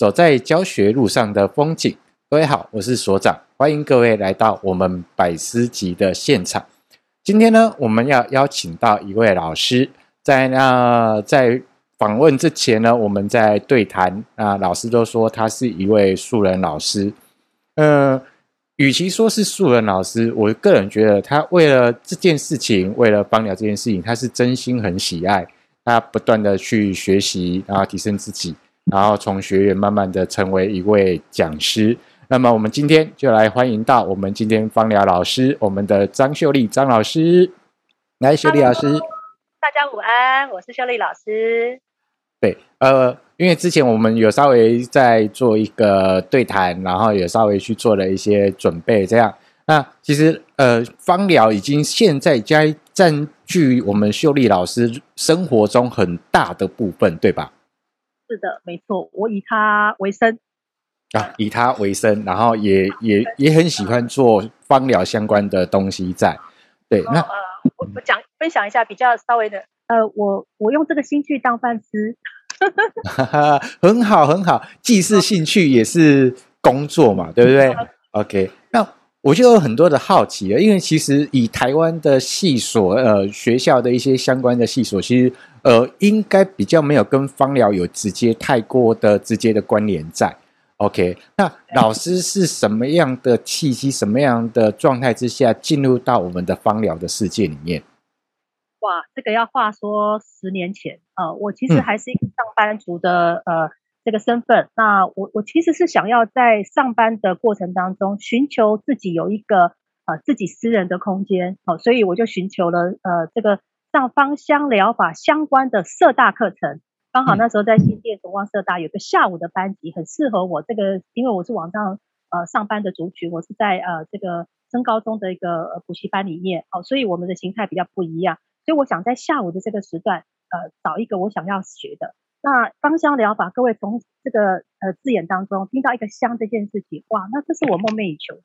走在教學路上的風景，各位好，我是所長，歡迎各位來到我們百師集的現場。今天呢，我們要邀請到一位老師，在那在訪問之前呢，我們在對談啊，老師都說他是一位素人老師。呃，與其說是素人老師，我個人覺得他為了這件事情，為了幫了這件事情，他是真心很喜愛，他不斷的去學習，然後提升自己。然後從學員慢慢的成為一位講師，那麼我們今天就來歡迎到我們今天芳療老師，我們的張琇莉張老師。來，琇莉老師。大家午安，我是琇莉老師。對，呃，因為之前我們有稍微在做一個對談，然後也稍微去做了一些準備，這樣。那其實呃，芳療已經現在在占據我們琇莉老師生活中很大的部分，對吧？是的，沒錯，我以他為生，啊，以他為生，然後也，啊，也也很喜歡做芳療相關的東西在，在對那呃，我我講分享一下比較稍微的呃，我我用這個興趣當飯吃，很 好，很好，既是興趣也是工作嘛，啊，對不對？嗯、OK，那我就有很多的好奇了，因為其實以台灣的系所，嗯、呃學校的一些相關的系所，其實，呃，應該比較沒有跟芳療有直接太過的直接的關聯在。OK，那老師是什麼樣的契機，什麼樣的狀態之下，進入到我們的芳療的世界裡面？哇，這個要話說十年前呃，我其實還是一個上班族的、嗯、呃這個身份。那我我其實是想要在上班的過程當中，尋求自己有一個、呃、自己私人的空間。好、呃，所以我就尋求了呃這個。上芳香療法相關的社大課程，剛好那時候在新店崇、嗯、光社大有個下午的班級，很適合我。這個因為我是晚上呃上班的族群，我是在呃這個升高中的一個補、呃、習班裡面哦，所以我們的形態比較不一樣。所以我想在下午的這個時段，呃，找一個我想要學的。那芳香療法，各位從這個呃字眼當中聽到一個香這件事情，哇，那這是我夢寐以求的。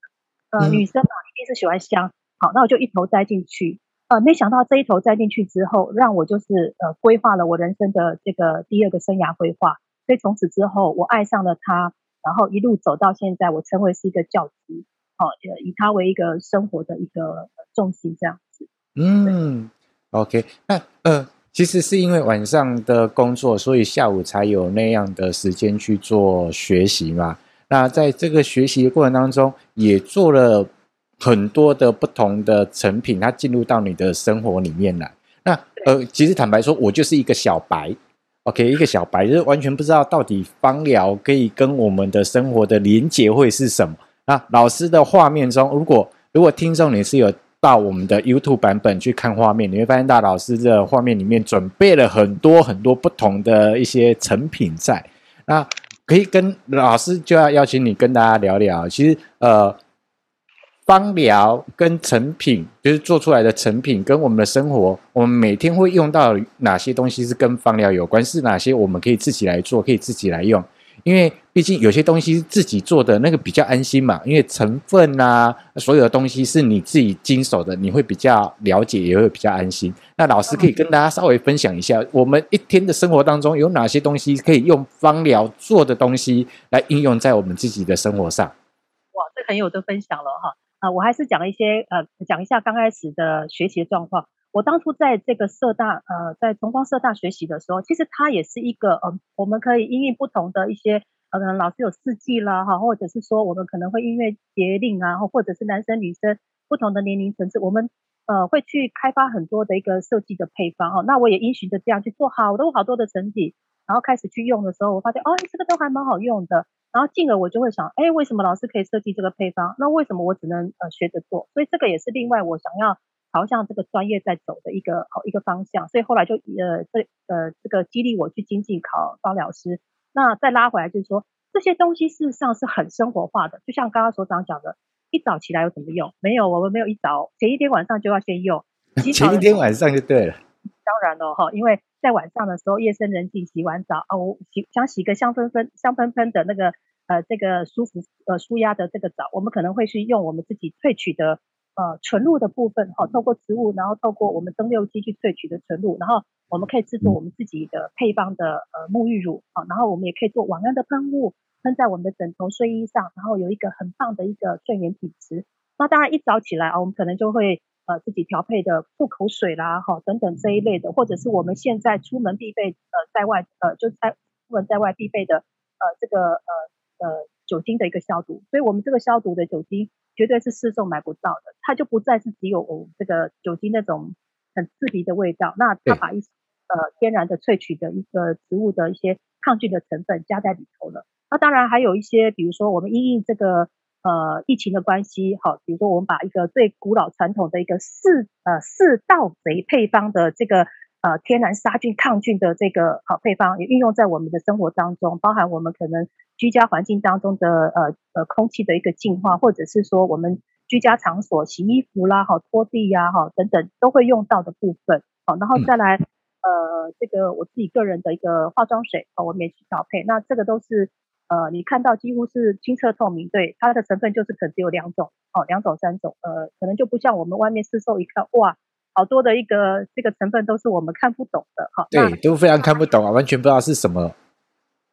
呃，嗯、女生嘛、啊，一定是喜歡香。好，那我就一頭栽進去。呃，沒想到這一頭栽進去之後，讓我就是呃規劃了我人生的這個第二個生涯規劃。所以從此之後，我愛上了他，然後一路走到現在，我稱為是一個教師。哦、呃，以他為一個生活的一個重心這樣子。嗯，OK，那呃其實是因為晚上的工作，所以下午才有那樣的時間去做學習嘛。那在這個學習的過程當中，也做了。很多的不同的成品，它進入到你的生活裡面來。那呃，其實坦白說，我就是一個小白，OK，一個小白，就是完全不知道到底芳療可以跟我們的生活的連結會是什麼。那老師的畫面中，如果，如果聽眾你是有到我們的 YouTube 版本去看畫面，你會發現到老師的畫面裡面準備了很多很多不同的一些成品在。那可以跟老師，就要邀請你跟大家聊聊，其實呃。方療跟成品，就是做出來的成品，跟我們的生活，我們每天會用到哪些東西是跟芳療有關？是哪些我們可以自己來做，可以自己來用？因為畢竟有些東西是自己做的那個比較安心嘛，因為成分啊，所有的東西是你自己經手的，你會比較了解，也會比較安心。那老師可以跟大家稍微分享一下，我們一天的生活當中有哪些東西可以用芳療做的東西來應用在我們自己的生活上？哇，這很有得分享了哈！啊，我還是講一些，呃，講一下剛開始的學習的狀況。我當初在這個社大，呃，在崇光社大學習的時候，其實它也是一個，呃，我們可以因應不同的一些，呃，老師有四季啦，哈，或者是說我們可能會因為節令啊，或者是男生女生不同的年齡層次，我們呃會去開發很多的一個設計的配方哈、哦。那我也因循着這樣去做好多好多的成品，然後開始去用的時候，我發現哦，這個都還蠻好用的。然後進而我就會想，哎，為什麼老師可以設計這個配方？那為什麼我只能呃學着做？所以這個也是另外我想要朝向這個專業在走的一個好、哦、一個方向。所以後來就呃這呃這個激勵我去經濟考芳療師。那再拉回來就是說，這些東西事實上是很生活化的，就像剛剛所長講的，一早起來有怎麼用？沒有，我們沒有一早，前一天晚上就要先用。前一天晚上就對了。當然了、哦、哈，因為在晚上的時候，夜深人靜，洗完澡啊，我洗想洗個香噴噴、香噴噴的那個呃這個舒服呃舒壓的這個澡，我們可能會是用我們自己萃取的呃純露的部分哈、啊，透過植物，然後透過我們蒸餾機去萃取的純露，然後我們可以制作我們自己的配方的呃沐浴乳啊，然後我們也可以做晚安的噴霧，噴在我們的枕頭睡衣上，然後有一個很棒的一個睡眠品質。那當然一早起來啊，我們可能就會。呃，自己調配的漱口水啦，哈，等等這一類的，或者是我們現在出門必備，呃，在外，呃，就在出門在外必備的，呃，這個，呃，呃，酒精的一個消毒，所以，我們這個消毒的酒精絕對是市售買不到的，它就不再是只有我們這個酒精那種很刺鼻的味道，那它把一些呃天然的萃取的一個植物的一些抗菌的成分加在裡頭了，那當然還有一些，比如說我們因應這個。呃，疫情的關係，好，比如說我們把一個最古老傳統的一個四呃四盜賊配方的這個呃天然殺菌抗菌的這個好配方，也運用在我們的生活當中，包含我們可能居家環境當中的呃呃空氣的一個淨化，或者是說我們居家場所洗衣服啦，好，拖地呀，好，等等都會用到的部分，好，然後再來、嗯、呃這個我自己個人的一個化妝水，哦，我們也去調配，那這個都是。呃，你看到幾乎是清澈透明，對，它的成分就是可能只有兩種，哦，兩種三種，呃，可能就不像我們外面市售一看，哇，好多的一個這個成分都是我們看不懂的，哈、哦，對，都非常看不懂啊，啊，完全不知道是什麼。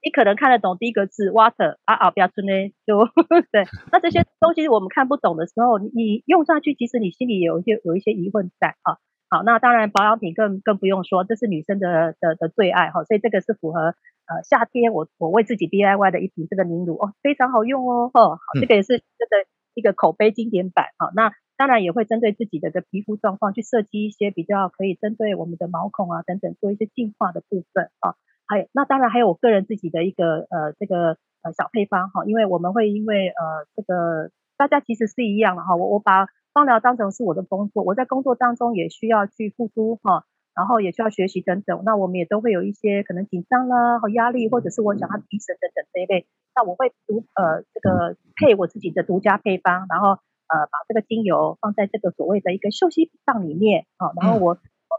你可能看得懂第一個字 water 啊啊，表示呢就呵呵對， 那這些東西我們看不懂的時候，你用上去，其實你心裡有一些有一些疑問在、哦、好，那當然保養品更更不用說，這是女生的的的最愛，哈、哦，所以這個是符合。呃，夏天我我為自己 DIY 的一瓶這個凝乳哦，非常好用哦，哈、哦，這個也是這個一個口碑經典版啊、嗯哦。那當然也會針對自己的的皮膚狀況去設計一些比較可以針對我們的毛孔啊等等做一些淨化的部分啊。還、哦、有、哎、那當然還有我個人自己的一個呃這個呃小配方哈、哦，因為我們會因為呃這個大家其實是一樣的哈、哦，我我把芳療當成是我的工作，我在工作當中也需要去付出哈。哦然後也需要學習等等，那我們也都會有一些可能緊張啦和壓力，或者是我想要提神等等這一類。那我會獨呃這個配我自己的獨家配方，然後呃把這個精油放在這個所謂的一個休息檔裡面啊，然後我我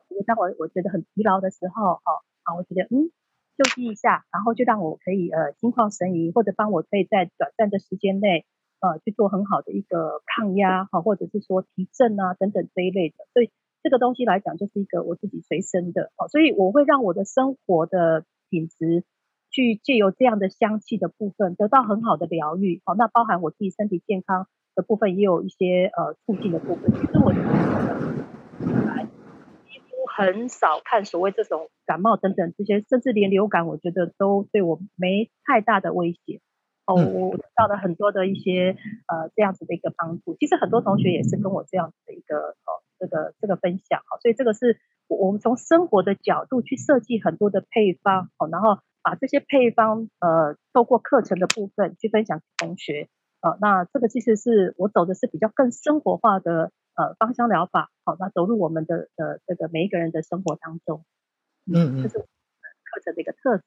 如、嗯、當我我覺得很疲勞的時候哈啊，我覺得嗯休息一下，然後就讓我可以呃心曠神怡，或者幫我可以在短暫的時間內呃去做很好的一個抗壓哈、啊，或者是說提振啊等等這一類的所以。這個東西來講，就是一個我自己隨身的，所以我會讓我的生活的品質，去借由這樣的香氣的部分，得到很好的療癒，好，那包含我自己身體健康的部分，也有一些呃促進的部分。其實我來幾乎很少看所謂這種感冒等等這些，甚至連流感，我覺得都對我沒太大的威脅。哦，我得到了很多的一些呃這樣子的一個幫助。其實很多同學也是跟我這樣子的一個這個這個分享，好，所以這個是，我們從生活的角度去設計很多的配方，好、嗯，然後把這些配方，呃，透過課程的部分去分享給同學、呃，那這個其實是我走的是比較更生活化的，呃，芳香療法，好、哦，那走入我們的的、呃、這個每一個人的生活當中，嗯嗯，這、就是課程的一個特色，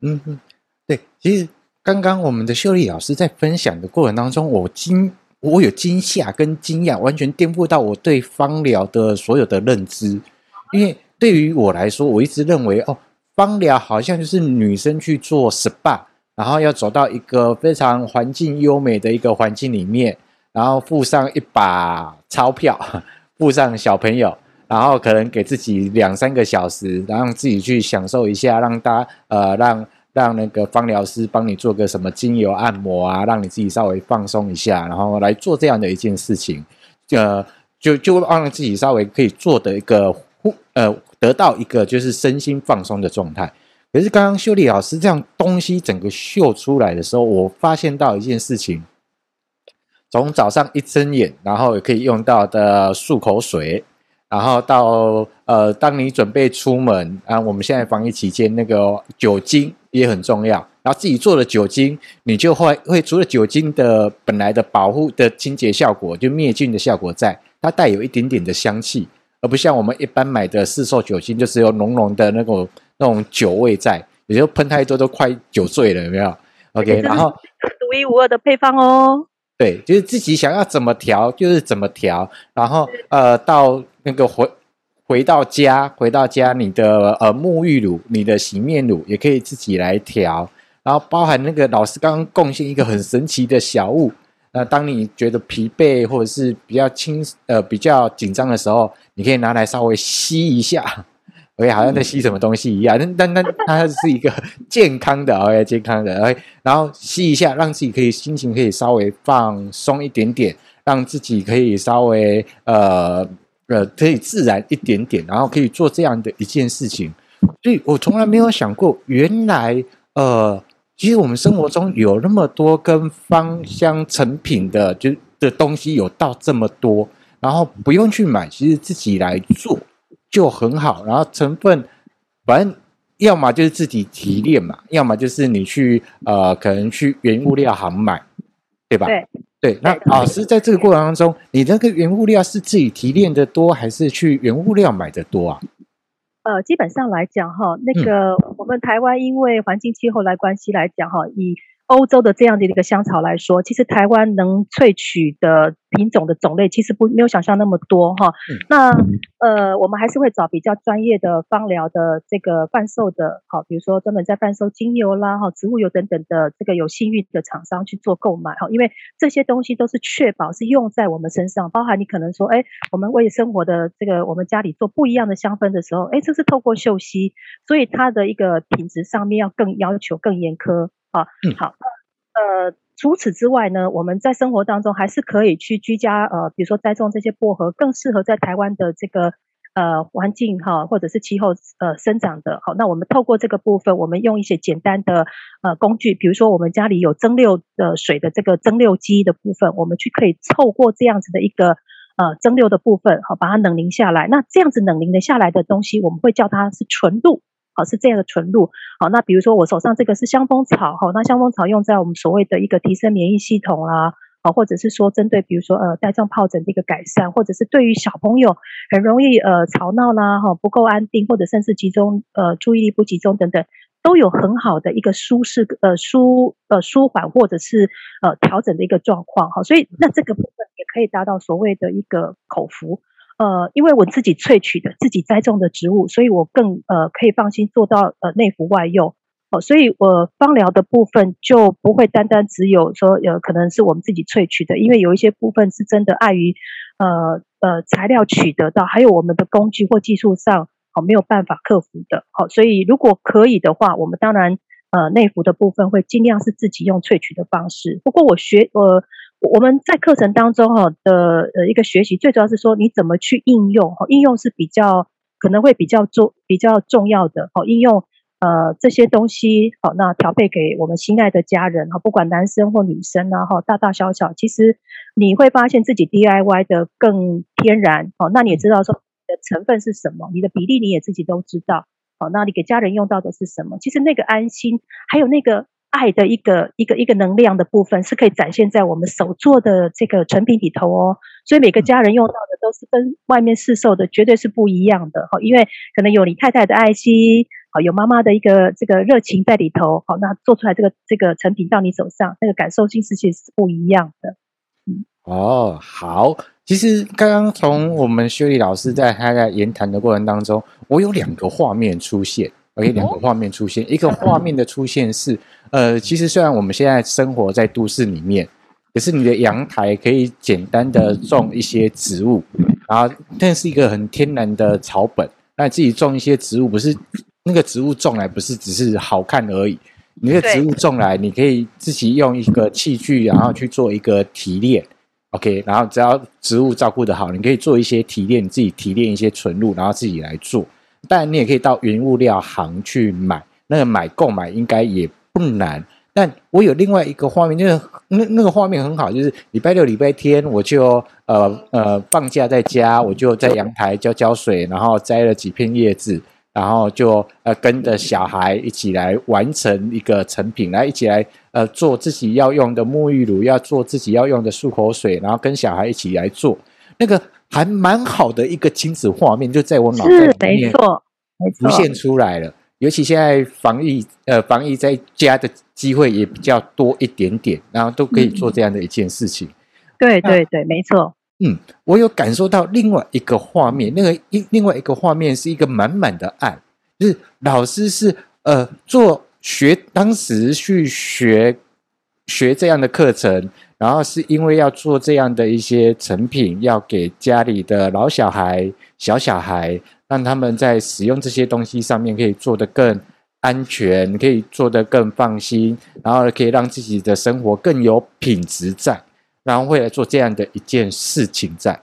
嗯嗯，嗯，對，其實剛剛我們的琇莉老師在分享的過程當中，我今我有驚嚇跟驚訝，完全顛覆到我對芳療的所有的認知。因為對於我來說，我一直認為哦，芳療好像就是女生去做 SPA，然後要走到一個非常環境優美的一個環境裡面，然後付上一把鈔票，付上小朋友，然後可能給自己兩三個小時，然後自己去享受一下，讓大家呃讓，讓那個芳療師幫你做個什麼精油按摩啊，讓你自己稍微放鬆一下，然後來做這樣的一件事情，呃，就就為讓自己稍微可以做的一個呼呃，得到一個就是身心放鬆的狀態。可是剛剛琇莉老師這樣東西整個秀出來的時候，我發現到一件事情：從早上一睜眼，然後也可以用到的漱口水，然後到呃，當你準備出門啊，我們現在防疫期間那個酒精，也很重要，然後自己做的酒精，你就會會除了酒精的本來的保護的清潔效果，就滅菌的效果在，它帶有一點點的香氣，而不像我們一般買的市售酒精，就是有濃濃的那種那種酒味在，有時候噴太多都快酒醉了，有沒有？OK？然後獨一無二的配方哦，對，就是自己想要怎麼調就是怎麼調，然後呃到那個回。回到家，回到家，你的呃沐浴乳，你的洗面乳也可以自己來調。然後包含那個老師剛剛貢獻一個很神奇的小物，那當你覺得疲憊或者是比較輕呃比較緊張的時候，你可以拿來稍微吸一下。我、嗯、也好像在吸什麼東西一樣，但但但它是一個健康的 OK 健康的，然後吸一下，讓自己可以心情可以稍微放鬆一點點，讓自己可以稍微呃。可以自然一點點，然後可以做這樣的一件事情，所以我從來沒有想過，原來呃，其實我們生活中有那麼多跟芳香成品的就的東西有到這麼多，然後不用去買，其實自己來做就很好。然後成分反正要麼就是自己提煉嘛，要麼就是你去呃，可能去原物料行買，對吧？對。對，那老師在這個過程當中，你那個原物料是自己提煉的多，還是去原物料買的多啊？呃，基本上來講哈，那個我們台灣因為環境氣候來關係來講哈，以，歐洲的這樣的一個香草來說，其實台灣能萃取的品種的種類其實不沒有想象那麼多哈、哦嗯。那呃，我們還是會找比較專業的芳療的這個販售的，哈、哦，比如說專門在販售精油啦、哈、哦、植物油等等的這個有信譽的廠商去做購買哈、哦，因為這些東西都是確保是用在我們身上，包含你可能說，哎，我們為生活的這個我們家裡做不一樣的香氛的時候，哎，這是透過嗅吸，所以它的一個品質上面要更要求更嚴苛。好，嗯，好，呃，除此之外呢，我們在生活當中還是可以去居家，呃，比如說栽種這些薄荷，更適合在台灣的這個呃環境哈、呃，或者是氣候呃生長的。好，那我們透過這個部分，我們用一些簡單的呃工具，比如說我們家裡有蒸餾的水的這個蒸餾機的部分，我們去可以透過這樣子的一個呃蒸餾的部分，好，把它冷凝下來。那這樣子冷凝的下來的東西，我們會叫它是純露。好是這樣的純露，好，那比如說我手上這個是香蜂草。好，那香蜂草用在我們所謂的一個提升免疫系統啦、啊，好，或者是說針對比如說呃帶狀皰疹的一個改善，或者是對於小朋友很容易呃吵鬧啦哈，不夠安定，或者甚至集中呃注意力不集中等等，都有很好的一個舒適呃舒呃舒緩或者是呃調整的一個狀況哈，所以那這個部分也可以達到所謂的一個口服。呃，因為我自己萃取的，自己栽種的植物，所以我更呃可以放心做到呃內服外用。哦，所以我芳療的部分就不會單單只有說有，呃、可能是我們自己萃取的，因為有一些部分是真的礙於呃呃材料取得到，還有我們的工具或技術上哦沒有辦法克服的。好，哦，所以如果可以的話，我們當然呃內服的部分會盡量是自己用萃取的方式。不過我學呃。我們在課程當中哈的呃一個學習，最主要是說你怎麼去應用，應用是比較可能會比較重比較重要的哈。應用呃這些東西哈，那調配給我們心愛的家人哈，不管男生或女生吶、啊、哈，大大小小，其實你會發現自己 DIY 的更天然哦。那你也知道說你的成分是什麼，你的比例你也自己都知道哦。那你給家人用到的是什麼？其實那個安心，還有那個。愛的一個一個一個能量的部分，是可以展現在我們手做的這個成品裡頭哦。所以每個家人用到的都是跟外面市售的絕對是不一樣的哈。因為可能有你太太的愛心，好，有媽媽的一個這個熱情在裡頭，好，那做出來這個這個成品到你手上，那個感受性其實是不一樣的。嗯。哦，好。其實剛剛從我們琇莉老師在他在言談的過程當中，我有兩個畫面出現。OK，兩個畫面出現，一個畫面的出現是，呃，其實雖然我們現在生活在都市裡面，可是你的陽台可以簡單的種一些植物，然後那是一個很天然的草本，那你自己種一些植物，不是那個植物種來不是只是好看而已，你那個植物種來，你可以自己用一個器具，然後去做一個提煉，OK，然後只要植物照顧得好，你可以做一些提煉，自己提煉一些純露，然後自己來做。但你也可以到原物料行去買，那個買購買應該也不難。但我有另外一個畫面，就是那那，那個畫面很好，就是禮拜六、禮拜天我就呃呃放假在家，我就在陽台澆澆水，然後摘了幾片葉子，然後就呃跟着小孩一起來完成一個成品，來一起來呃做自己要用的沐浴乳，要做自己要用的漱口水，然後跟小孩一起來做那個。還蠻好的一個親子畫面，就在我腦子裡面浮現出來了。尤其現在防疫呃防疫在家的機會也比較多一點點，然後都可以做這樣的一件事情。嗯、對對對，沒錯。嗯，我有感受到另外一個畫面，那個一另外一個畫面是一個滿滿的愛，就是老師是呃做學當時去學學這樣的課程。然後是因為要做這樣的一些成品，要給家裡的老小孩、小小孩，讓他們在使用這些東西上面可以做得更安全，可以做得更放心，然後可以讓自己的生活更有品質在，然後會來做這樣的一件事情在。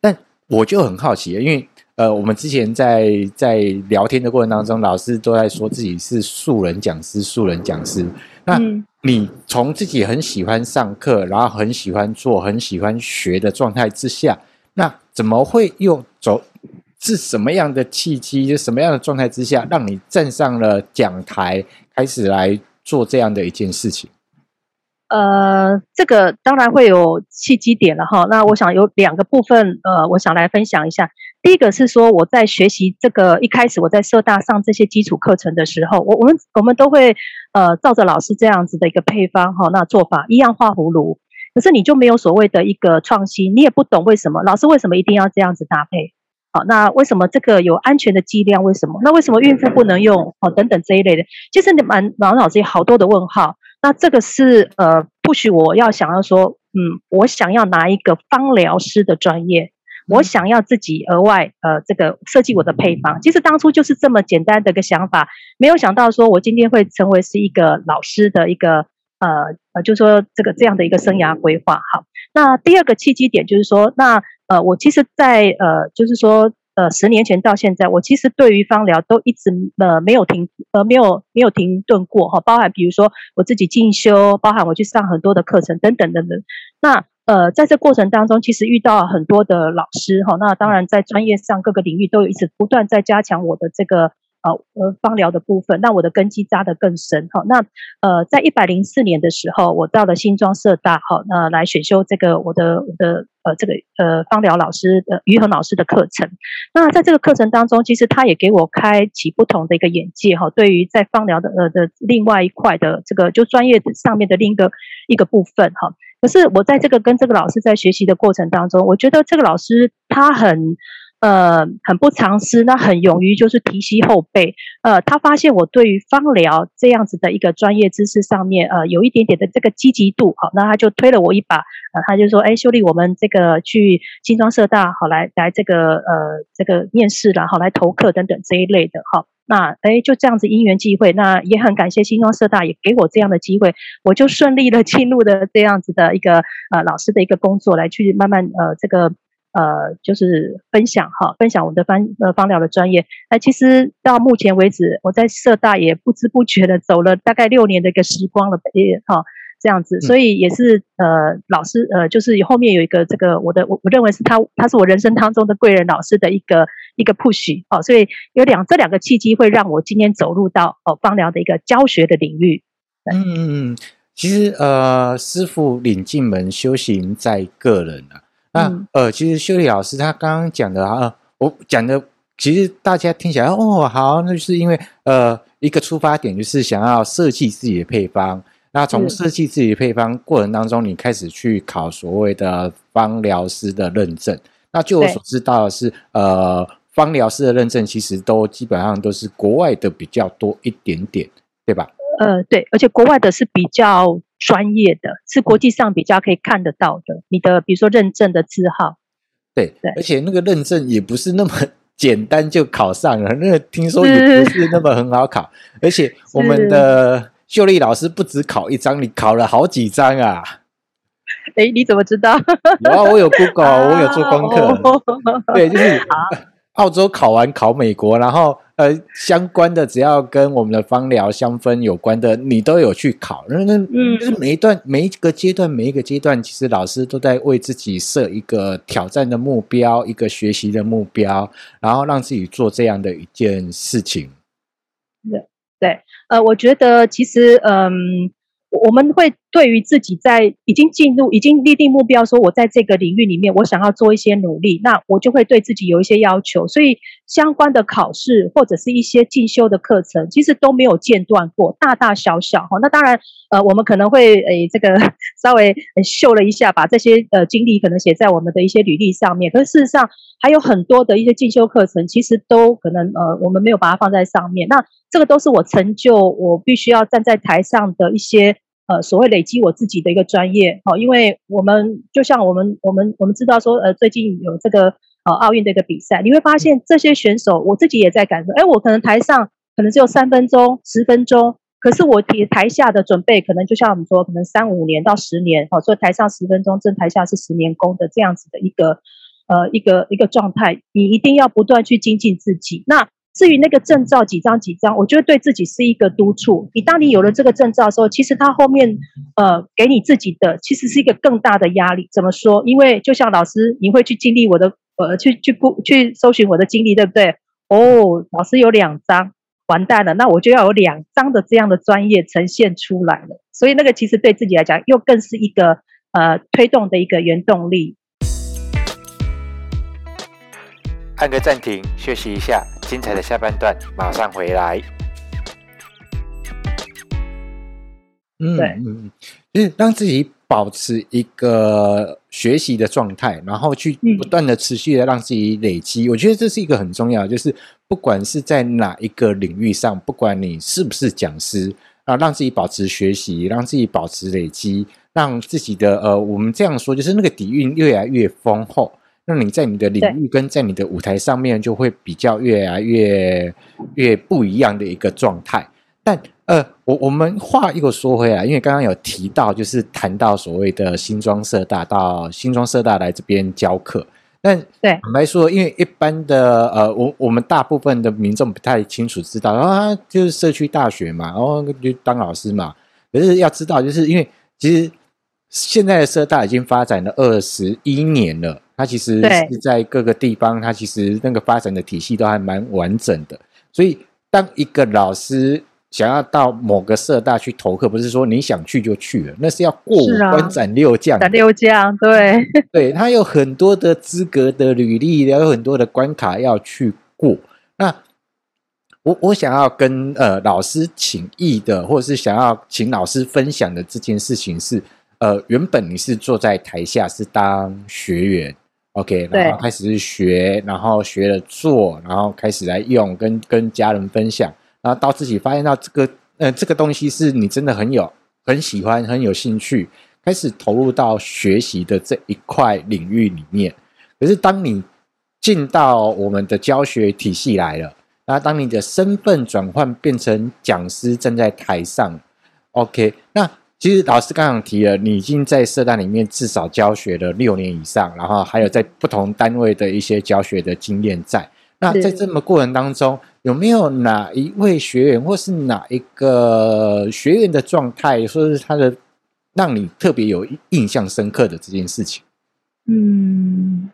但我就很好奇，因為。呃，我們之前在在聊天的過程當中，老師都在說自己是素人講師，素人講師。那你從自己很喜歡上課，然後很喜歡做，很喜歡學的狀態之下，那怎麼會用走？是什麼樣的契機？就什麼樣的狀態之下，讓你站上了講台，開始來做這樣的一件事情？呃，這個當然會有契機點了哈。那我想有兩個部分，呃，我想來分享一下。第一個是說，我在學習這個一開始我在社大上這些基礎課程的時候，我我們我們都會，呃，照着老師這樣子的一個配方哈、哦，那做法一樣畫葫蘆，可是你就沒有所謂的一個創新，你也不懂為什麼老師為什麼一定要這樣子搭配，好、哦，那為什麼這個有安全的劑量？為什麼？那為什麼孕婦不能用？哦，等等這一類的，其實你滿滿腦子有好多的問號。那這個是呃，不許我要想要說，嗯，我想要拿一個芳療師的專業。我想要自己額外呃，這個設計我的配方，其實當初就是這麼簡單的一個想法，沒有想到說我今天會成為是一個老師的一個呃呃，就是說這個這樣的一個生涯規劃。好，那第二個契機點就是說，那呃，我其實在呃，就是說呃，十年前到現在，我其實對於芳療都一直呃沒有停呃沒有沒有停頓過哈，包含比如說我自己進修，包含我去上很多的課程等等等等。那呃，在這過程當中，其實遇到很多的老師哈、哦。那當然，在專業上各個領域都有一直不斷在加強我的這個呃呃芳療的部分，讓我的根基扎得更深哈、哦。那呃，在一百零四年的時候，我到了新莊社大哈、哦，那來選修這個我的我的呃這個呃芳療老師的余恆老師的課程。那在這個課程當中，其實他也給我開啟不同的一個眼界哈、哦。對於在芳療的呃的另外一塊的這個就專業上面的另一個一個部分哈、哦可是我在這個跟這個老師在學習的過程當中，我覺得這個老師他很呃很不藏私，那很勇於就是提攜後輩。呃，他發現我對於芳療這樣子的一個專業知識上面，呃，有一點點的這個積極度，好，那他就推了我一把，呃，他就說：“哎、欸，琇莉，我們這個去新莊社大，好來來這個呃這個面試啦，好來投課等等這一類的，好。”那、啊、哎，就這樣子因緣際會，那也很感謝新莊社大也給我這樣的機會，我就順利的進入了這樣子的一個呃老師的一個工作，來去慢慢呃這個呃就是分享哈、哦，分享我的方呃芳療的專業。那、啊、其實到目前為止，我在社大也不知不覺的走了大概六年的一個時光了，好、呃。哦這樣子，所以也是、嗯、呃，老師呃，就是後面有一個這個我的我我認為是他，他是我人生當中的貴人老師的一個一個 push 哦，所以有兩這兩個契機會讓我今天走入到哦芳療的一個教學的領域。嗯嗯嗯，其實呃，師父領進門，修行在個人啊那、啊嗯、呃，其實琇莉老師他剛剛講的啊，呃、我講的其實大家聽起來哦好，那就是因為呃一個出發點就是想要設計自己的配方。那從設計自己配方過程當中，你開始去考所謂的芳療師的認證。那據我所知道的是，呃，芳療師的認證其實都基本上都是國外的比較多一點點，對吧？呃，對，而且國外的是比較專業的，是國際上比較可以看得到的。你的比如說認證的字號，對對，而且那個認證也不是那麼簡單就考上了，那個聽說也不是那麼很好考，而且我們的。琇莉老師不止考一張，你考了好幾張啊！哎、欸，你怎麼知道？然、 wow, 我有 Google，、啊、我有做功課。哦、 對，就是澳洲考完考美國，然後呃，相關的只要跟我們的芳療香氛有關的，你都有去考。那那嗯，就是每一段、每一個階段，每一個階段，其實老師都在為自己設一個挑戰的目標，一個學習的目標，然後讓自己做這樣的一件事情。是、嗯。呃，我覺得其實，嗯，我們會。對於自己在已經進入、已經立定目標，說我在這個領域裡面，我想要做一些努力，那我就會對自己有一些要求，所以相關的考試或者是一些進修的課程，其實都沒有間斷過，大大小小哈。那當然，呃，我們可能會誒、呃、這個稍微秀了一下，把這些呃經歷可能寫在我們的一些履歷上面。可是事實上，還有很多的一些進修課程，其實都可能呃我們沒有把它放在上面。那這個都是我成就，我必須要站在台上的一些。呃，所謂累積我自己的一個專業，好、哦，因為我們就像我們我們我們知道說，呃，最近有這個呃奧運的一個比賽，你會發現這些選手，我自己也在感受，誒，我可能台上可能只有三分鐘、十分鐘，可是我台台下的準備，可能就像我們說，可能三五年到十年，好、哦，所以台上十分鐘，正台下是十年功的這樣子的一個呃一個一個狀態，你一定要不斷去精進自己，那。至於那個證照幾張幾張，我覺得對自己是一個督促。你當你有了這個證照的時候，其實它後面，呃，給你自己的其實是一個更大的壓力。怎麼說？因為就像老師，你會去經歷我的，呃，去去不去搜尋我的經歷，對不對？哦，老師有兩張，完蛋了，那我就要有兩張的這樣的專業呈現出來了。所以那個其實對自己來講，又更是一個呃推動的一個原動力。按個暫停，休息一下。精彩的下半段馬上回來。嗯嗯，就是讓自己保持一個學習的狀態，然後去不斷的、持續的讓自己累積、嗯。我覺得這是一個很重要，就是不管是在哪一個領域上，不管你是不是講師啊，讓自己保持學習，讓自己保持累積，讓自己的呃，我們這樣說，就是那個底蘊越來越豐厚。那你在你的領域跟在你的舞台上面就會比較越來越越不一樣的一個狀態。但呃，我我們話又說回來，因為剛剛有提到，就是談到所謂的新裝社大，到新裝社大來這邊教課。但對，來說，因為一般的呃，我我們大部分的民眾不太清楚知道，啊、哦，就是社區大學嘛，然、哦、後就當老師嘛。可是要知道，就是因為其實。現在的社大已經發展了二十一年了，它其實是在各個地方，它其實那個發展的體系都還蠻完整的。所以，當一個老師想要到某個社大去投課，不是說你想去就去了，那是要過五關斬、啊、六將的。斬六將，對，對，他有很多的資格的履歷，也有很多的關卡要去過。那我我想要跟呃老師請益的，或者是想要請老師分享的這件事情是，呃，原本你是坐在台下，是當學員，OK，然後開始是學，然後學了做，然後開始來用，跟跟家人分享，然後到自己發現到這個，呃，這個東西是你真的很有、很喜歡、很有興趣，開始投入到學習的這一塊領域裡面。可是，當你進到我們的教學體系來了，那當你的身份轉換變成講師，站在台上，OK，那。其實老師剛剛提了，你已經在社大裡面至少教學了六年以上，然後還有在不同單位的一些教學的經驗在。那在這麼過程當中，有沒有哪一位學員，或是哪一個學員的狀態，說是他的讓你特別有印象深刻的這件事情？嗯，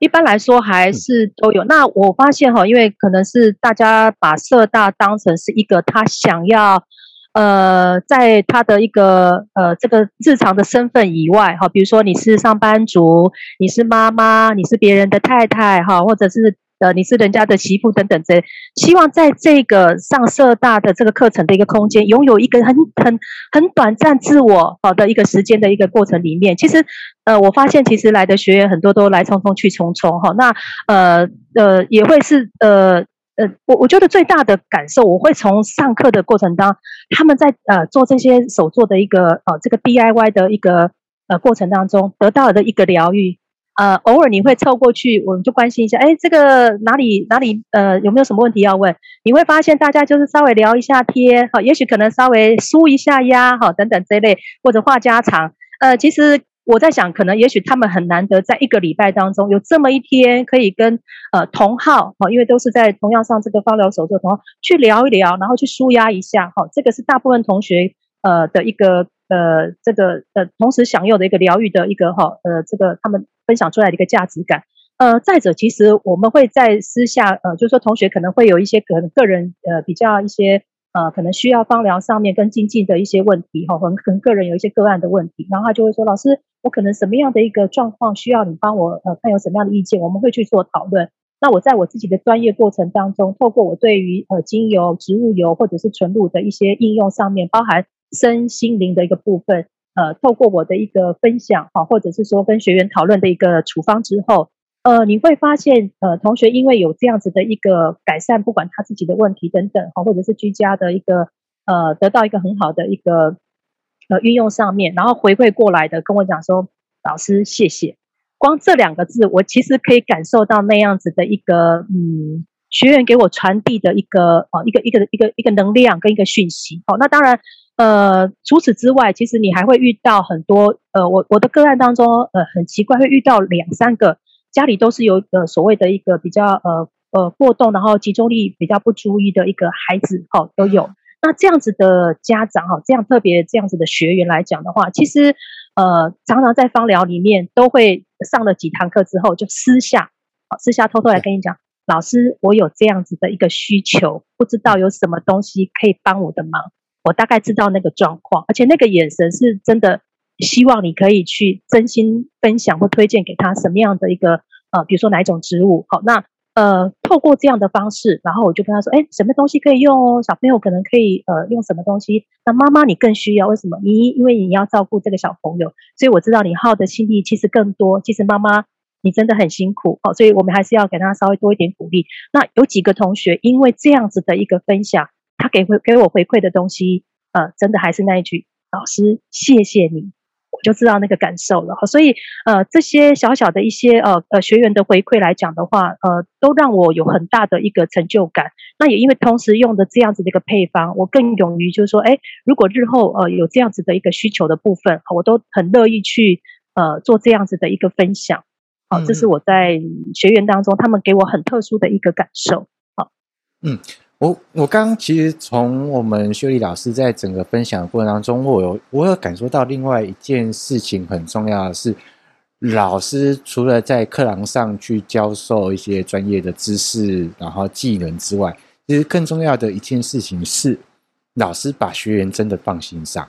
一般來說還是都有。嗯、那我發現哈，因為可能是大家把社大當成是一個他想要。呃，在他的一個呃這個日常的身份以外，哈、哦，比如說你是上班族，你是媽媽，你是別人的太太，哈、哦，或者是呃你是人家的媳婦等等之類，希望在這個上社大的這個課程的一個空間，擁有一個很很很短暫自我好的一個時間的一個過程裡面，其實呃我發現其實來的學員很多都來匆匆去匆匆，哈、哦，那呃呃也會是呃。呃，我我覺得最大的感受，我會從上課的過程當中，他們在呃做這些手作的一個呃這個 DIY 的一個呃過程當中得到的一個療癒。呃，偶爾你會湊過去，我們就關心一下，哎，這個哪裡哪裡呃有沒有什麼問題要問？你會發現大家就是稍微聊一下天，哈，也許可能稍微紓一下壓，哈，等等這類或者話家常，呃，其實。我在想，可能也許他們很難得，在一個禮拜當中有這麼一天，可以跟呃同號哈，因為都是在同樣上這個芳療手做同號去聊一聊，然後去舒壓一下哈、哦，這個是大部分同學呃的一個呃這個呃同時享有的一個療癒的一個哈呃這個他們分享出來的一個價值感呃再者，其實我們會在私下呃，就是說同學可能會有一些可能個人呃比較一些。呃，可能需要芳療上面跟禁忌的一些問題，吼、哦，可能個人有一些個案的問題，然後他就會說，老師，我可能什麼樣的一個狀況需要你幫我，呃，看有什麼樣的意見，我們會去做討論。那我在我自己的專業過程當中，透過我對於呃精油、植物油或者是純露的一些應用上面，包含身心靈的一個部分，呃，透過我的一個分享，哈、呃，或者是說跟學員討論的一個處方之後。呃，你會發現，呃，同學因為有這樣子的一個改善，不管他自己的問題等等哈，或者是居家的一個，呃，得到一個很好的一個，呃，運用上面，然後回饋過來的，跟我講說，老師謝謝，光這兩個字，我其實可以感受到那樣子的一個，嗯，學員給我傳遞的一個，啊、哦，一個一個一個一個能量跟一個訊息，哦，那當然，呃，除此之外，其實你還會遇到很多，呃，我我的個案當中，呃，很奇怪會遇到兩三個。家裡都是有呃所謂的一個比較呃呃過動，然後集中力比較不注意的一個孩子哈，都有。那這樣子的家長哈，這樣特別這樣子的學員來講的話，其實呃常常在芳療裡面都會上了幾堂課之後，就私下私下偷偷來跟你講，老師，我有這樣子的一個需求，不知道有什麼東西可以幫我的忙，我大概知道那個狀況，而且那個眼神是真的。希望你可以去真心分享或推薦給他什麼樣的一個呃，比如說哪一種植物？好，那呃，透過這樣的方式，然後我就跟他說，哎，什麼東西可以用哦？小朋友可能可以呃用什麼東西？那媽媽你更需要為什麼？你因為你要照顧這個小朋友，所以我知道你耗的心力其實更多。其實媽媽你真的很辛苦，好、哦，所以我們還是要給他稍微多一點鼓勵。那有幾個同學因為這樣子的一個分享，他給回給我回饋的東西，呃，真的還是那一句，老師謝謝你。就知道那個感受了，所以呃，這些小小的一些呃呃學員的回饋來講的話，呃，都讓我有很大的一個成就感。那也因為同時用的這樣子的一個配方，我更勇於就是說，哎，如果日後呃有這樣子的一個需求的部分，我都很樂意去呃做這樣子的一個分享。好、呃，這是我在學員當中，他們給我很特殊的一個感受。好、呃，嗯。我我剛剛其實從我們琇莉老師在整個分享的過程當中，我有我有感受到另外一件事情很重要的是，老師除了在課堂上去教授一些專業的知識然後技能之外，其實更重要的一件事情是，老師把學員真的放心上，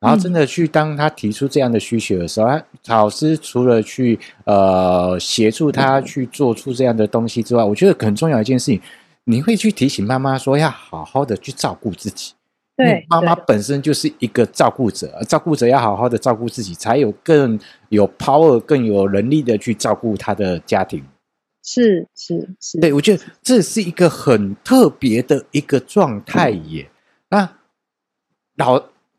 然後真的去當他提出這樣的需求的時候，他、嗯、老師除了去呃協助他去做出這樣的東西之外，我覺得很重要的一件事情。你會去提醒媽媽說，要好好的去照顧自己，對，因為媽媽本身就是一個照顧者，照顧者要好好的照顧自己，才有更有 power、更有能力的去照顧她的家庭。是是是，對，我覺得這是一個很特別的一個狀態耶。那老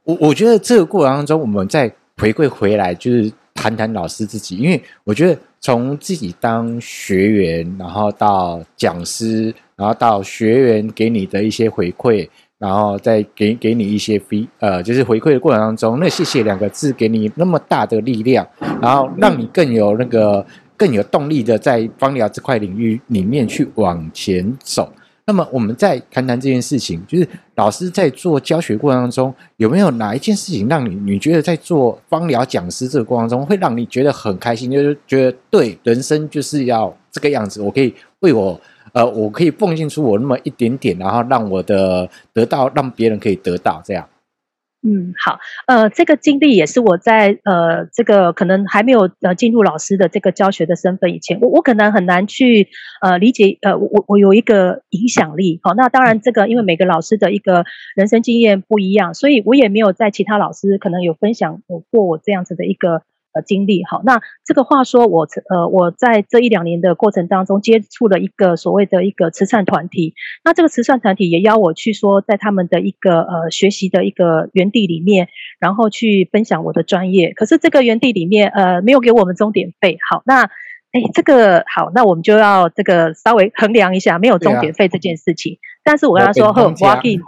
我我覺得這個過程當中，我們再回歸回來，就是談談老師自己，因為我覺得從自己當學員，然後到講師。然後到學員給你的一些回饋，然後再給給你一些飛，呃，就是回饋的過程當中，那謝謝兩個字給你那麼大的力量，然後讓你更有那個更有動力的在芳療這塊領域裡面去往前走。那麼我們再談談這件事情，就是老師在做教學過程當中，有沒有哪一件事情讓你你覺得在做芳療講師這個過程中會讓你覺得很開心，就是覺得對人生就是要這個樣子，我可以為我。呃，我可以奉獻出我那麼一點點，然後讓我的得到，讓別人可以得到這樣。嗯，好，呃，這個經歷也是我在呃這個可能還沒有呃進入老師的這個教學的身份以前，我我可能很難去呃理解，呃，我我我有一個影響力。好，哦，那當然這個因為每個老師的一個人生經驗不一樣，所以我也沒有在其他老師可能有分享過我這樣子的一個。呃，經歷好，那這個話說我，呃，我在這一兩年的過程當中，接觸了一個所謂的一個慈善團體，那這個慈善團體也邀我去說，在他們的一個呃學習的一個園地裡面，然後去分享我的專業。可是這個園地裡面，呃，沒有給我們鐘點費。好，那哎，這個好，那我們就要這個稍微衡量一下沒有鐘點費這件事情。啊、但是我跟他說，和 w a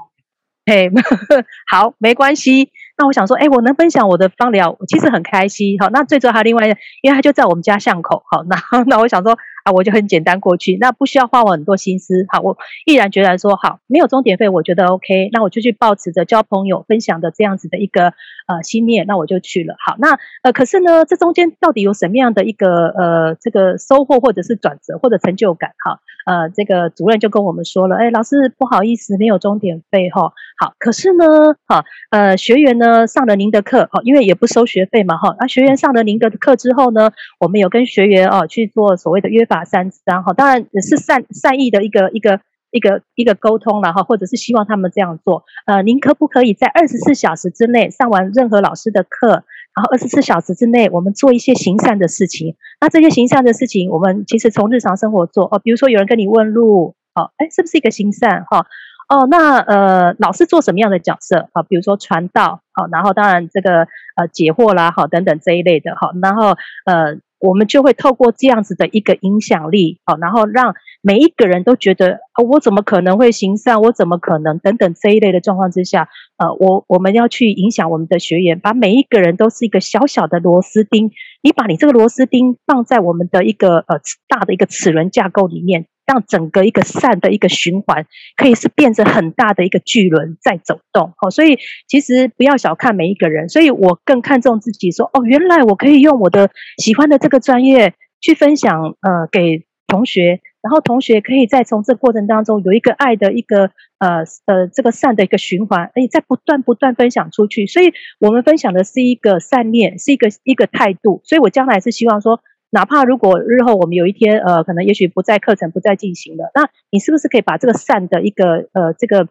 嘿呵呵，好，沒關係。那我想說，哎、欸，我能分享我的芳療，我其實很開心，好，那最終還有另外一個，因為他就在我們家巷口，好，那那我想說。啊，我就很簡單過去，那不需要花我很多心思。好，我毅然決然說好，沒有鐘點費，我覺得 OK。那我就去抱持着交朋友、分享的這樣子的一個呃心念，那我就去了。好，那呃，可是呢，這中間到底有什麼樣的一個呃這個收穫，或者是轉折，或者成就感？哈，呃，這個主任就跟我們說了，哎，老師不好意思，沒有鐘點費哈、哦。好，可是呢，好、哦，呃，學員呢上了您的課，哦，因為也不收學費嘛，哈、哦，那、啊、學員上了您的課之後呢，我們有跟學員哦、啊、去做所謂的約法三章哈，當然也是善善意的一個一個一個一個溝通了哈，或者是希望他們這樣做。呃，您可不可以在二十四小時之內上完任何老師的課？然後二十四小時之內，我們做一些行善的事情。那這些行善的事情，我們其實從日常生活做、哦，比如說有人跟你問路，哦，哎，是不是一個行善？哈、哦，哦，那呃，老師做什麼樣的角色？啊、哦，比如說傳道，好、哦，然後當然這個呃解惑啦，好，等等這一類的，好、哦，然後呃。我們就會透過這樣子的一個影響力，好、啊，然後讓每一個人都覺得、啊，我怎麼可能會行善？我怎麼可能？等等這一類的狀況之下，呃、啊，我我們要去影響我們的學員，把每一個人都是一個小小的螺絲釘，你把你這個螺絲釘放在我們的一個呃大的一個齒輪架構裡面。讓整個一個善的一個循環，可以是變成很大的一個巨輪在走動，所以其實不要小看每一個人，所以我更看重自己說，說哦，原來我可以用我的喜歡的這個專業去分享，呃，給同學，然後同學可以再從這過程當中有一個愛的一個，呃呃，這個善的一個循環，誒，在不斷不斷分享出去，所以我們分享的是一個善念，是一個一個態度，所以我將來是希望說。哪怕如果日後我們有一天，呃，可能也許不在課程不再進行了，那你是不是可以把這個善的一個呃這個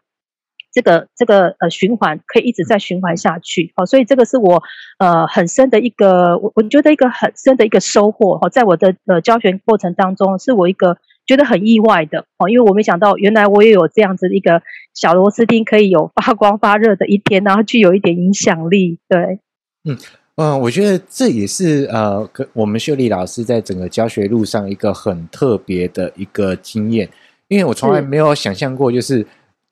這個這個呃循環可以一直在循環下去？哦，所以這個是我呃很深的一個我我覺得一個很深的一個收穫哦，在我的呃教學過程當中，是我一個覺得很意外的哦，因為我沒想到原來我也有這樣子一個小螺絲釘可以有發光發熱的一天，然後具有一點影響力。對，嗯。嗯，我覺得這也是呃，我們琇莉老師在整個教學路上一個很特別的一個經驗，因為我從來沒有想象過，就是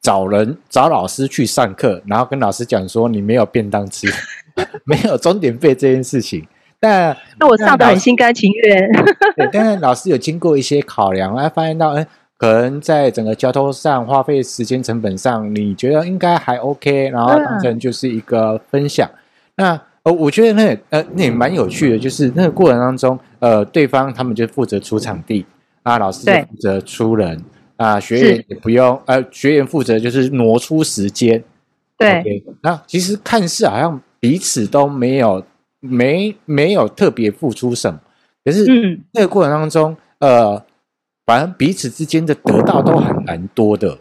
找人、嗯、找老師去上課，然後跟老師講說你沒有便當吃， 沒有鐘點費這件事情。 但那我上得很心甘情願。 對，但是老師有經過一些考量，哎，發現到嗯，可能在整個交通上花費時間成本上，你覺得應該還 OK，然後當成就是一個分享。嗯、那哦、呃，我覺得那也呃，那也蠻有趣的，就是那個過程當中，呃，對方他們就負責出場地啊，老師就負責出人啊，呃，學員也不用呃，學員負責就是挪出時間。對。那，啊，其實看似好像彼此都沒有沒沒有特別付出什麼，可是那個過程當中，嗯，呃，反正彼此之間的得到都還蠻多的。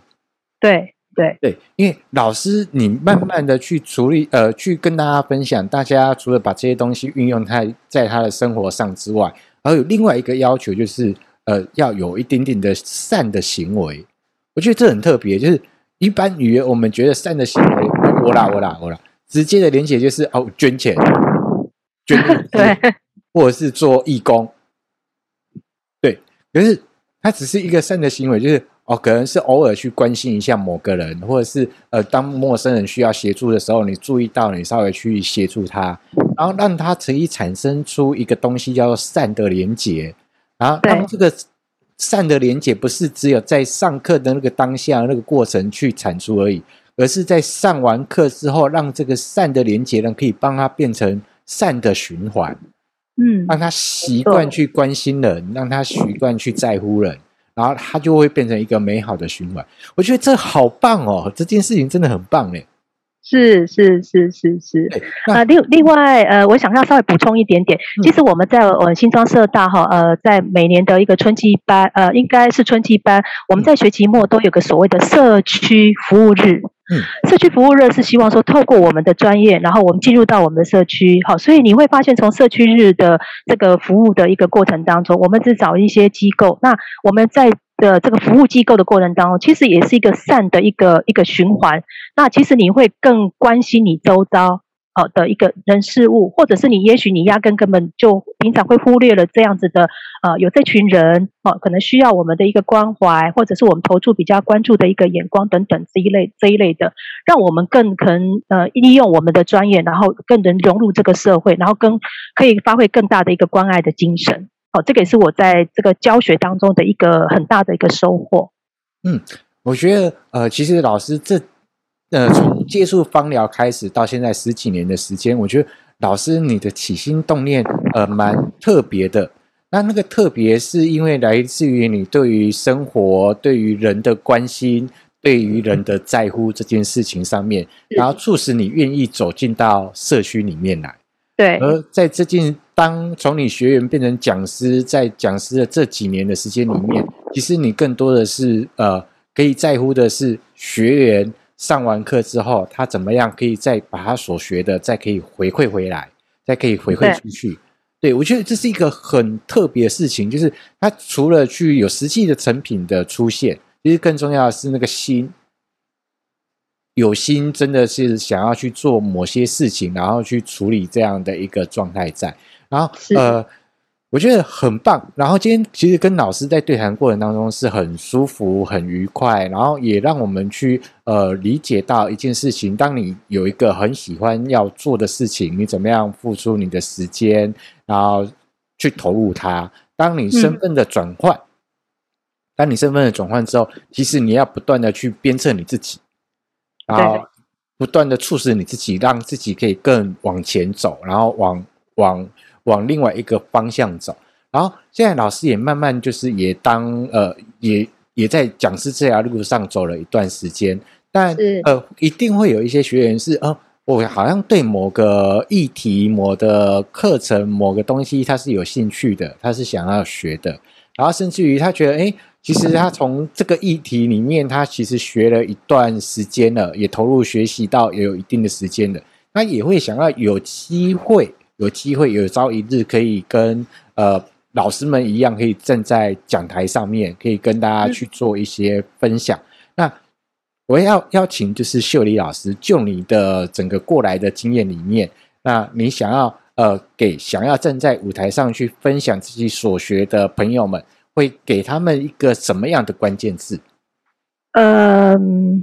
對。對對，因為老師，你慢慢的去處理，呃，去跟大家分享。大家除了把這些東西運用他在他的生活上之外，還有另外一個要求，就是呃，要有一點點的善的行為。我覺得這很特別，就是一般語言我們覺得善的行為，我啦我啦我啦，直接的連接就是哦，捐錢，捐錢，對，或者是做義工，對，可是它只是一個善的行為，就是。哦，可能是偶爾去關心一下某個人，或者是呃，當陌生人需要協助的時候，你注意到，你稍微去協助他，然後讓他可以產生出一個東西叫做善的連結。然後，當這個善的連結不是只有在上課的那個當下那個過程去產出而已，而是在上完課之後，讓這個善的連結呢可以幫他變成善的循環。嗯，讓他習慣去，嗯，去關心人，讓他習慣去在乎人。然後它就會變成一個美好的循環，我覺得這好棒哦！這件事情真的很棒嘞，是是是是是。是是是那另、呃、另外呃，我想要稍微補充一點點，其實我們在呃、嗯、新莊社大哈呃，在每年的一個春季班呃，應該是春季班，我們在學期末都有個所謂的社區服務日。社區服務日是希望說，透過我們的專業，然後我們進入到我們的社區，好，所以你會發現，從社區日的這個服務的一個過程當中，我們只找一些機構，那我們在的這個服務機構的過程當中，其實也是一個善的一個一個循環。那其實你會更關心你周遭。呃、哦，的一個人事物，或者是你，也許你壓根根本就平常會忽略了這樣子的，呃，有這群人呃、哦，可能需要我們的一個關懷，或者是我們投注比較關注的一個眼光等等這一類、這一類的，讓我們更可能呃利用我們的專業，然後更能融入這個社會，然後更可以發揮更大的一個關愛的精神。哦，這個也是我在這個教學當中的一個很大的一個收穫。嗯，我覺得呃，其實老師這。呃，從接觸芳療開始到現在十幾年的時間，我覺得老師你的起心動念，呃，蠻特別的。那那個特別是因為來自於你對於生活、對於人的關心、對於人的在乎這件事情上面，然後促使你願意走進到社區裡面來。對，而在最近，當從你學員變成講師，在講師的這幾年的時間裡面，其實你更多的是呃，可以在乎的是學員。上完課之後，他怎麼樣可以再把他所學的再可以回饋回來，再可以回饋出去？對，對，我覺得這是一個很特別的事情，就是他除了去有實際的成品的出現，其實更重要的是那個心，有心真的是想要去做某些事情，然後去處理這樣的一個狀態在，然後呃。我覺得很棒。然後今天其實跟老師在對談過程當中是很舒服、很愉快，然後也讓我們去呃理解到一件事情，當你有一個很喜歡要做的事情，你怎麼樣付出你的時間，然後去投入它。當你身份的轉換，嗯，當你身份的轉換之後，其實你要不斷的去鞭策你自己，然後不斷的促使你自己，讓自己可以更往前走，然後往往。往另外一個方向走，然後現在老師也慢慢就是也當呃也也在講師這條路上走了一段時間，但是呃一定會有一些學員是哦、呃，我好像對某個議題、某的課程、某個東西他是有興趣的，他是想要學的，然後甚至於他覺得誒，其實他從這個議題裡面他其實學了一段時間了，也投入學習到也有一定的時間了，他也會想要有機會。有機會有朝一日可以跟呃老師們一樣，可以站在講台上面，可以跟大家去做一些分享。嗯、那我要邀請就是琇莉老師，就你的整個過來的經驗裡面，那你想要呃給想要站在舞台上去分享自己所學的朋友們，會給他們一個什麼樣的關鍵字？嗯、呃，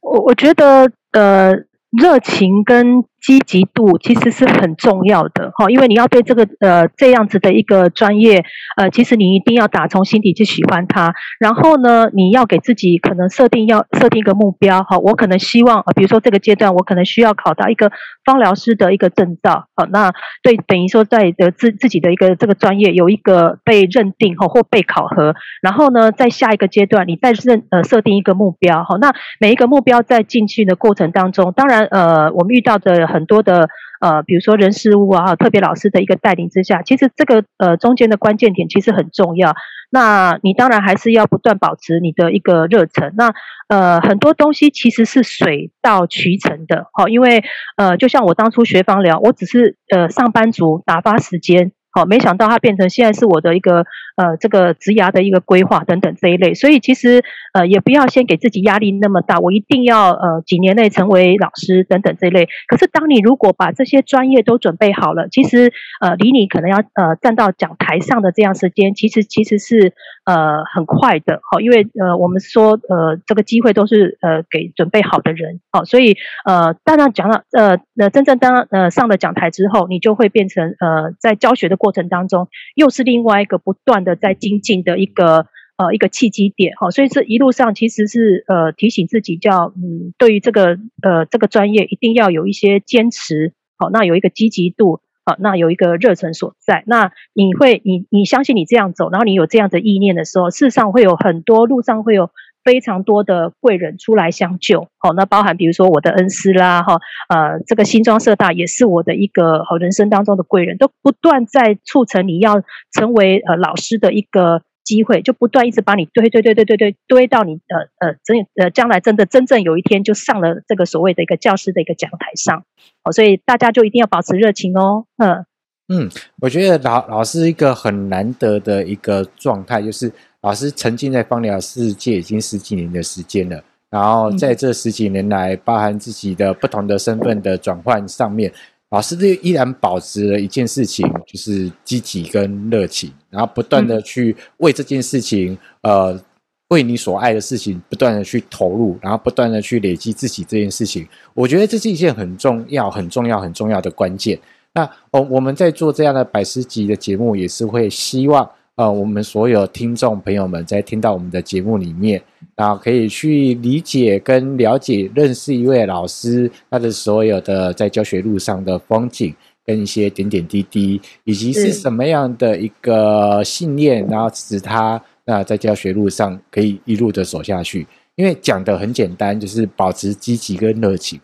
我我覺得呃熱情跟。積極度其實是很重要的哈，因為你要對這個呃這樣子的一個專業，呃，其實你一定要打從心底去喜歡它。然後呢，你要給自己可能設定要設定一個目標哈、哦，我可能希望，比如說這個階段我可能需要考到一個芳療師的一個證照，好、哦，那對等於說在的自自己的一個這個專業有一個被認定哈、哦、或被考核。然後呢，在下一個階段你再認呃設定一個目標哈、哦，那每一個目標在進去的過程當中，當然呃我們遇到的。很多的呃，比如說人事物啊，特別老師的一個帶領之下，其實這個呃中間的關鍵點其實很重要。那你當然還是要不斷保持你的一個熱忱。那呃，很多東西其實是水到渠成的哈、哦，因為呃，就像我當初學芳療，我只是呃上班族打發時間。哦，沒想到它變成現在是我的一個呃，這個職涯的一個規劃等等這一類，所以其實呃，也不要先給自己壓力那麼大，我一定要呃幾年內成為老師等等這一類。可是當你如果把這些專業都準備好了，其實呃，離你可能要呃站到講台上的這樣時間，其實其實是。呃，很快的哈，因為呃，我們說呃，這個機會都是呃給準備好的人，好，所以呃，當然講了呃，那真正當呃上了講台之後，你就會變成呃，在教學的過程當中，又是另外一個不斷的在精進的一個呃一個契機點好，所以這一路上其實是呃提醒自己叫嗯，對於這個呃這個專業一定要有一些堅持好，那有一個積極度。好，那有一個熱忱所在，那你會，你你相信你這樣走，然後你有這樣的意念的時候，世上會有很多，路上會有非常多的貴人出來相救。哦，那包含比如說我的恩師啦，哈，呃，這個新莊社大也是我的一個好人生當中的貴人，都不斷在促成你要成為呃老師的一個。機會就不斷一直把你堆，堆，堆，堆，堆，堆堆到你呃呃真呃將來真的真正有一天就上了這個所謂的一個教師的一個講台上，哦，所以大家就一定要保持熱情哦，嗯嗯，我覺得老老師一個很難得的一個狀態，就是老師沉浸在芳療世界已經十幾年的時間了，然後在這十幾年來，嗯、包含自己的不同的身份的轉換上面。老師依然保持了一件事情，就是積極跟熱情，然後不斷地去為這件事情，嗯，呃，為你所愛的事情不斷地去投入，然後不斷地去累積自己這件事情。我覺得這是一件很重要、很重要、很重要的關鍵。那哦，我們在做這樣的百師集的節目，也是會希望。呃，我們所有聽眾朋友們在聽到我們的節目裡面，然後可以去理解跟了解、認識一位老師，他的所有的在教學路上的風景跟一些點點滴滴，以及是什麼樣的一個信念，然後使他那在教學路上可以一路的走下去。因為講的很簡單，就是保持積極跟熱情，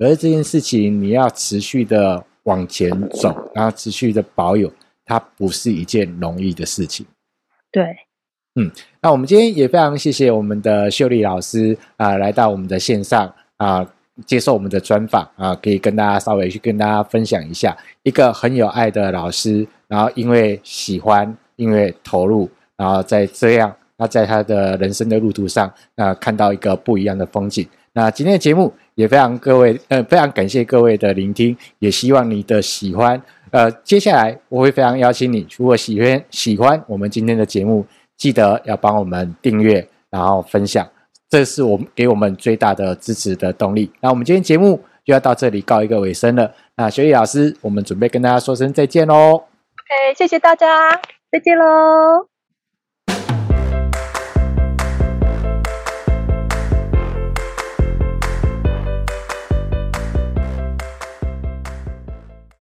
而這件事情你要持續的往前走，然後持續的保有。它不是一件容易的事情。對，嗯，那我們今天也非常謝謝我們的琇莉老師啊、呃，來到我們的線上啊、呃，接受我們的專訪啊、呃，可以跟大家稍微去跟大家分享一下一個很有愛的老師，然後因為喜歡，因為投入，然後在這樣，他在他的人生的路途上，那、呃、看到一個不一樣的風景。那今天的節目也非常各位，嗯、呃，非常感謝各位的聆聽，也希望你的喜歡。呃，接下來我會非常邀請你，如果喜歡喜歡我們今天的節目，記得要幫我們訂閱，然後分享，這是我們給我們最大的支持的動力。那我們今天節目就要到這裡告一個尾聲了。那琇莉老師，我們準備跟大家說聲再見嘍。OK，謝謝大家，再見嘍。